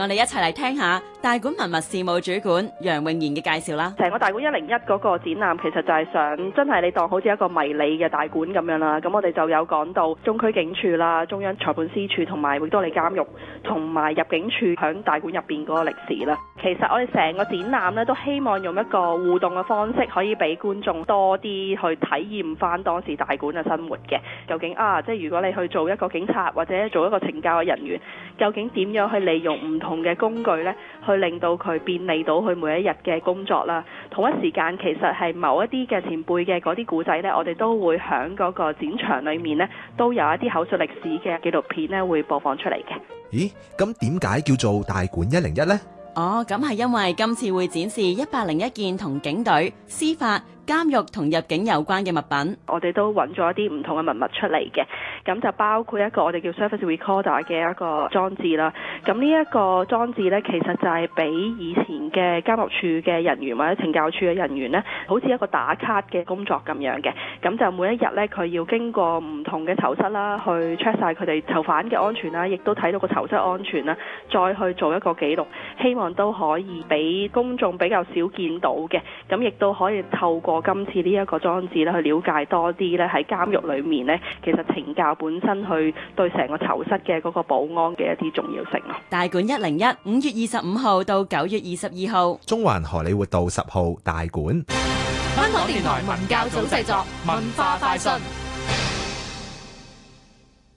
我哋一齊嚟聽下大館文物事務主管楊永賢嘅介紹啦。成個大館一零一嗰個展覽，其實就係想真係你當好似一個迷你嘅大館咁樣啦。咁我哋就有講到中區警署啦、中央裁判司署同埋域多利監獄同埋入境處響大館入邊嗰個歷史啦。其實我哋成個展覽咧都希望用一個互動嘅方式，可以俾觀眾多啲去體驗翻當時大館嘅生活嘅。究竟啊，即係如果你去做一個警察或者做一個懲教嘅人員，究竟點樣去利用唔同？同嘅工具咧，去令到佢便利到佢每一日嘅工作啦。同一時間其實係某一啲嘅前輩嘅嗰啲古仔咧，我哋都會喺嗰個展場裏面咧，都有一啲口述歷史嘅紀錄片咧，會播放出嚟嘅。咦？咁點解叫做大館一零一呢？哦，咁係因為今次會展示一百零一件同警隊司法、監獄同入境有關嘅物品，我哋都揾咗一啲唔同嘅文物出嚟嘅，咁就包括一個我哋叫 surface recorder 嘅一個裝置啦。咁呢一個裝置呢，其實就係俾以前嘅監獄處嘅人員或者懲教處嘅人員呢，好似一個打卡嘅工作咁樣嘅。咁就每一日呢，佢要經過唔同嘅囚室啦，去 check 晒佢哋囚犯嘅安全啦，亦都睇到個囚室安全啦，再去做一個記錄，希望都可以俾公眾比較少見到嘅，咁亦都可以透過。我今次呢一個裝置咧，去了解多啲咧喺監獄裡面咧，其實懲教本身去對成個囚室嘅嗰個保安嘅一啲重要性咯。大館一零一，五月二十五號到九月二十二號，中環荷李活道十號大館。香港電台文教組製作，文化快訊。